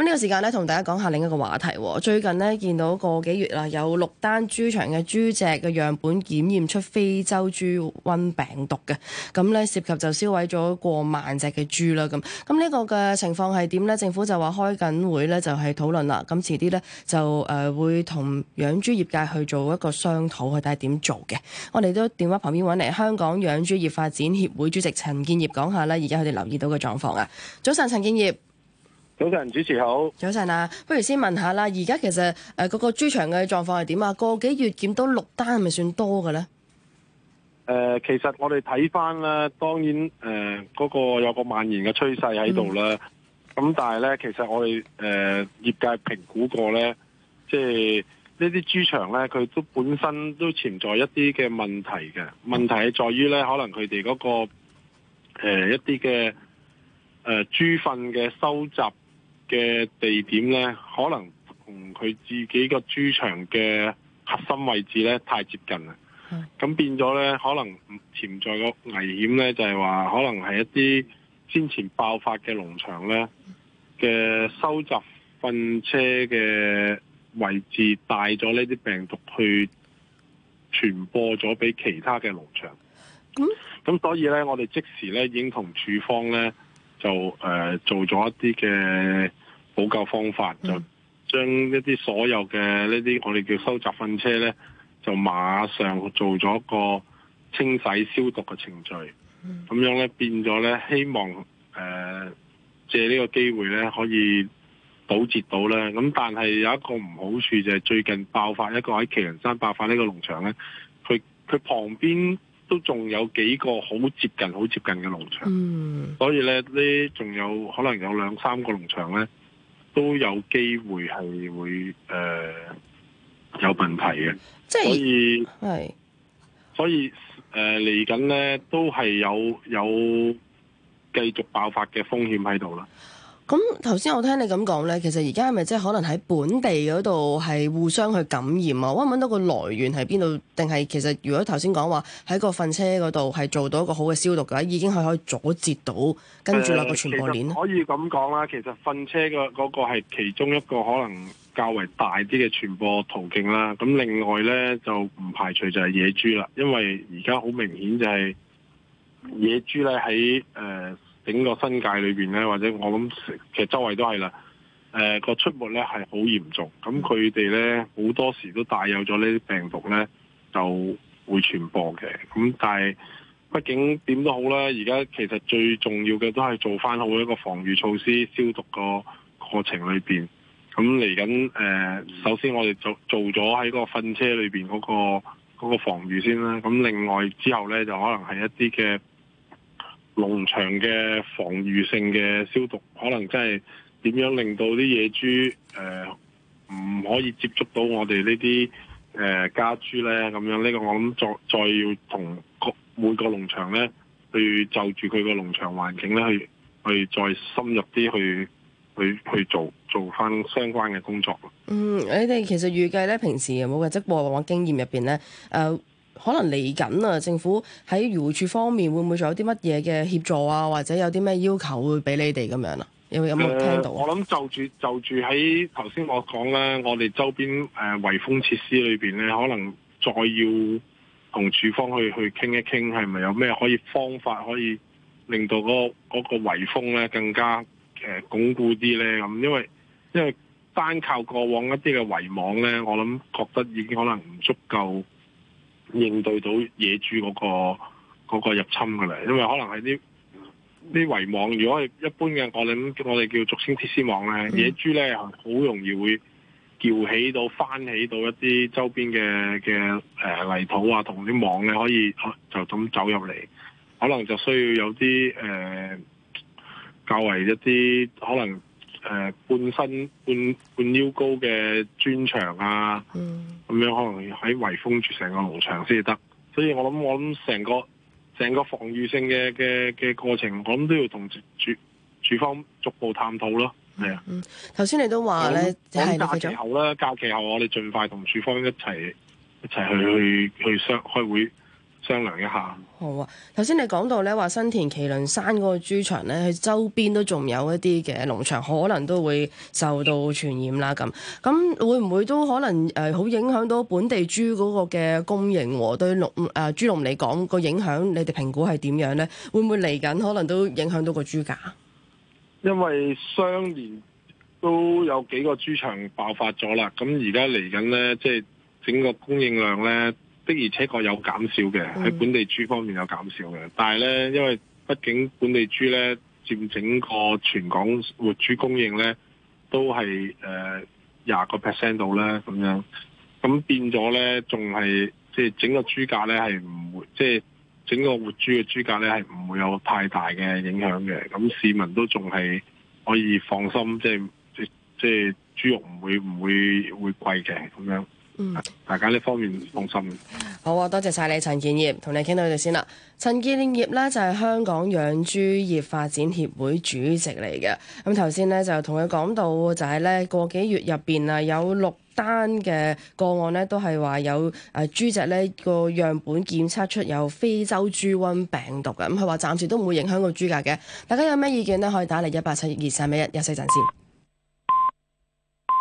咁呢個時間咧，同大家講下另一個話題。最近呢，見到個幾月啦，有六單豬場嘅豬隻嘅樣本檢驗出非洲豬瘟病毒嘅，咁咧涉及就銷毀咗過萬隻嘅豬啦。咁咁呢個嘅情況係點呢？政府就話開緊會咧，就係、是、討論啦。咁遲啲咧就誒、呃、會同養豬業界去做一個商討，去睇下點做嘅。我哋都電話旁邊揾嚟香港養豬業發展協會主席陳建業講下呢。而家佢哋留意到嘅狀況啊。早晨，陳建業。早晨主持好，早晨啊，不如先問下啦。而家其實誒，呃嗰個豬場嘅狀況係點啊？個幾月檢到六單係咪算多嘅咧？誒、呃，其實我哋睇翻咧，當然誒，嗰、呃嗰個有個蔓延嘅趨勢喺度啦。咁、嗯嗯、但係咧，其實我哋誒、呃、業界評估過咧，即、就、係、是、呢啲豬場咧，佢都本身都存在一啲嘅問題嘅。問題係在於咧，可能佢哋嗰個誒、呃、一啲嘅誒豬糞嘅收集。嘅地點呢，可能同佢自己個豬場嘅核心位置呢太接近啦，咁變咗呢，可能潛在嘅危險呢，就係、是、話可能係一啲先前爆發嘅農場呢嘅收集糞車嘅位置帶咗呢啲病毒去傳播咗俾其他嘅農場。咁、嗯、所以呢，我哋即時呢已經同處方呢就誒、呃、做咗一啲嘅。補救方法就將一啲所有嘅呢啲我哋叫收集糞車呢，就馬上做咗個清洗消毒嘅程序。咁樣呢，變咗呢，希望誒、呃、借呢個機會呢，可以堵截到呢。咁但係有一個唔好處就係、是、最近爆發一個喺麒麟山爆發呢個農場呢，佢佢旁邊都仲有幾個好接近好接近嘅農場，嗯、所以呢，呢仲有可能有兩三個農場呢。都有機會係會、呃、有問題嘅即係，所以所以誒嚟緊咧都係有有繼續爆發嘅風險喺度啦。咁頭先我聽你咁講呢，其實而家係咪即係可能喺本地嗰度係互相去感染啊？揾唔揾到個來源喺邊度？定係其實如果頭先講話喺個糞車嗰度係做到一個好嘅消毒嘅話，已經係可以阻截到跟住落個傳播鏈？可以咁講啦，其實糞車嗰個係其中一個可能較為大啲嘅傳播途徑啦。咁另外呢，就唔排除就係野豬啦，因為而家好明顯就係野豬呢喺、呃整個新界裏面咧，或者我諗其實周圍都係啦。誒、呃、個出沒咧係好嚴重，咁佢哋咧好多時都帶有咗呢啲病毒咧，就會傳播嘅。咁但係畢竟點都好啦，而家其實最重要嘅都係做翻好一個防禦措施、消毒個過程裏面。咁嚟緊誒，首先我哋做做咗喺個訓車裏面嗰、嗰個嗰、嗰個、防禦先啦。咁另外之後咧，就可能係一啲嘅。農場嘅防禦性嘅消毒，可能真係點樣令到啲野豬誒唔可以接觸到我哋、呃、呢啲誒家豬咧？咁樣呢個我諗再再要同各每個農場咧去就住佢個農場環境咧去去再深入啲去去去做做返相關嘅工作。嗯，你哋其實預計咧平時有冇或者過往經驗入邊咧誒？呃可能嚟緊啊，政府喺漁護署方面會唔會仲有啲乜嘢嘅協助啊，或者有啲咩要求會俾你哋咁樣啊？你會有冇聽到？我諗就住就住喺頭先我講咧，我哋周邊誒圍封設施裏邊咧，可能再要同處方去去傾一傾，係咪有咩可以方法可以令到嗰、嗰個、嗰個圍封咧更加誒、呃、鞏固啲咧？咁因為因為單靠過往一啲嘅圍網咧，我諗覺得已經可能唔足夠。應對到野豬嗰、那個、那個入侵嘅咧，因為可能係啲啲圍網，如果係一般嘅我哋，我哋叫俗稱鐵絲網咧，嗯、野豬咧好容易會撬起到翻起到一啲周邊嘅嘅誒泥土啊，同啲網咧可以就咁走入嚟，可能就需要有啲誒、呃、較為一啲可能。誒、呃，半身半半腰高嘅磚牆啊，咁、嗯、樣可能喺圍封住成個農場先得，嗯、所以我諗我諗成個成個防禦性嘅嘅嘅過程，我諗都要同署、署方逐步探討咯，係啊、嗯。頭、嗯、先你都話咧，係想。講假期後啦，假期後我哋盡快同署方一齊一齊去、嗯、去去商開會。商量一下。好啊，頭先你講到咧話新田麒麟山嗰個豬場咧，佢周邊都仲有一啲嘅農場，可能都會受到傳染啦。咁咁會唔會都可能誒好影響到本地豬嗰個嘅供應喎？對農誒、啊、豬農嚟講個影響，你哋評估係點樣呢？會唔會嚟緊可能都影響到個豬價？因為雙連都有幾個豬場爆發咗啦，咁而家嚟緊呢，即係整個供應量呢。的而且確有減少嘅，喺本地豬方面有減少嘅。但係咧，因為畢竟本地豬咧佔整個全港活豬供應咧都係誒廿個 percent 度咧咁樣，咁變咗咧仲係即係整個豬價咧係唔會，即係整個活豬嘅豬價咧係唔會有太大嘅影響嘅。咁的市民都仲係可以放心，即係即即係豬肉唔會唔會會貴嘅咁樣。嗯，大家呢方面放心。好，多謝晒你陳建業，同你傾到呢度先啦。陳建業呢，就係、是、香港養豬業發展協會主席嚟嘅。咁頭先呢，就同佢講到、就是，就係呢個幾月入邊啊，有六單嘅個案呢，都係話有誒豬隻咧個樣本檢測出有非洲豬瘟病毒嘅。咁佢話暫時都唔會影響個豬價嘅。大家有咩意見呢？可以打嚟一八七二三一一一四零先。